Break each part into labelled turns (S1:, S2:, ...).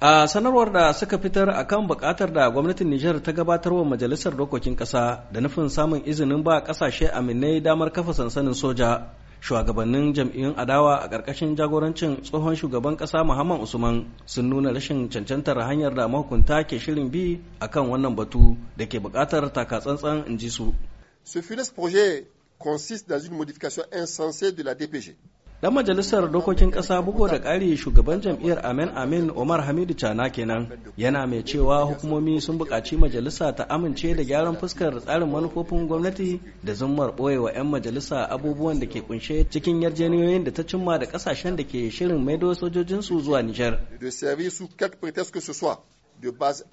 S1: a sanarwar da suka fitar a kan bukatar da gwamnatin nijar ta gabatar wa majalisar dokokin Ƙasa da nufin samun izinin ba kasashe aminai damar kafa sansanin soja shugabannin jam'iyyun adawa a ƙarƙashin jagorancin tsohon shugaban ƙasa muhammad usman sun nuna rashin cancantar hanyar da mahukunta ke shirin bi akan wannan batu da ke buƙatar takatsantsan in ji su
S2: ce funeste projet consiste dans une modification insensée de la DPG
S1: Dan majalisar dokokin ƙasa bugu da ƙari shugaban jam'iyyar Amen Amin Omar Hamidu chana kenan yana mai cewa hukumomi sun buƙaci majalisa ta amince da gyaran fuskar tsarin manufofin gwamnati da zummar ɓoyewa 'yan majalisa abubuwan da ke kunshe cikin yarjejeniyoyin da ta cimma da kasashen da ke shirin maido sojojinsu zuwa Nijar. base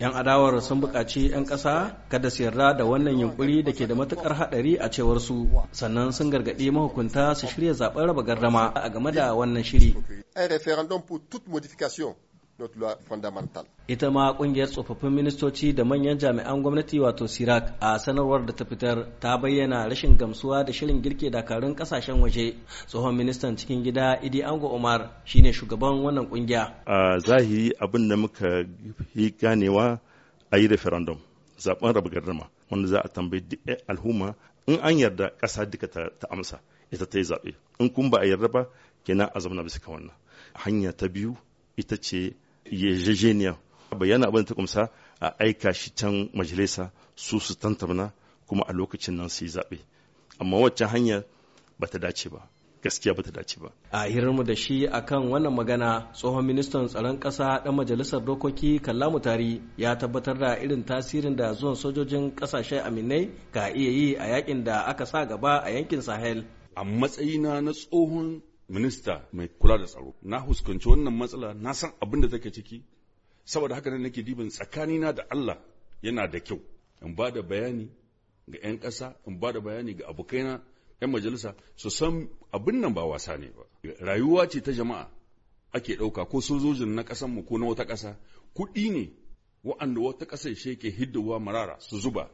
S1: 'Yan adawar sun bukaci 'yan ƙasa kada su yarda da wannan yunkuri da ke da matukar haɗari a cewar su sannan sun gargaɗi mahukunta su shirya zaɓen raba gardama a game da wannan shiri.
S2: modification notre fundamental.
S1: Ita ma kungiyar tsofaffin ministoci da manyan jami'an gwamnati wato Sirak a sanarwar da ta fitar ta bayyana rashin gamsuwa da shirin girke dakarun kasashen waje. Tsohon ministan cikin gida Idi Ango Umar shine shugaban wannan kungiya.
S3: A zahiri abin da muka yi ganewa a yi referendum zaben rabu gardama wanda za a tambayi al'umma in an yarda ƙasa duka ta amsa ita ta yi zaɓe in kun ba a yarda ba kenan a zauna bisa wannan hanya ta biyu ita ce yarjejeniya bayyana abin ta kumsa a aika shi can majalisa su su tantamna kuma a lokacin nan su yi zaɓe amma wacce hanya ba ta dace ba gaskiya ba ta dace ba
S1: a hirarmu da shi akan wannan magana tsohon ministan tsaron ƙasa ɗan majalisar dokoki kallamu tari ya tabbatar da irin tasirin da zuwan sojojin ƙasashe aminai ka iya yi a yakin da aka sa gaba a yankin sahel a matsayina na tsohon minista mai kula da tsaro na huskanci wannan
S4: matsala na san abin da take ciki saboda haka nan nake dibin tsakanina da Allah yana da kyau in ba da bayani ga 'yan ƙasa in ba da bayani ga abokaina 'yan majalisa su san abin nan ba wasa ne ba rayuwa ce ta jama'a ake ɗauka ko sojojin na ƙasanmu ko na wata ƙasa kuɗi ne wa'anda wata ƙasashe ke hiddawa marara su zuba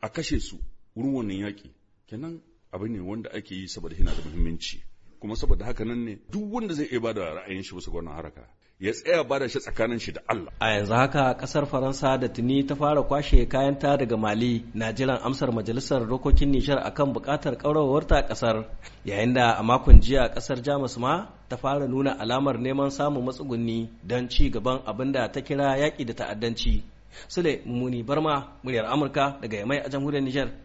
S4: a kashe su wurin wannan yaƙi kenan abin ne wanda ake yi saboda yana da muhimmanci kuma saboda haka nan ne duk wanda zai iya bada ra'ayin shi bisa wannan haraka ya tsaya bada shi tsakanin shi da Allah
S1: a yanzu haka kasar Faransa da tuni ta fara kwashe kayan ta daga Mali na jiran amsar majalisar dokokin Nijar akan bukatar kaurawar ta kasar yayin da a makon jiya kasar Jamus ma ta fara nuna alamar neman samun matsugunni don ci gaban abin da ta kira yaƙi da ta'addanci Sule Mumuni Barma, muryar Amurka daga Yamai a jamhuriyar Nijar.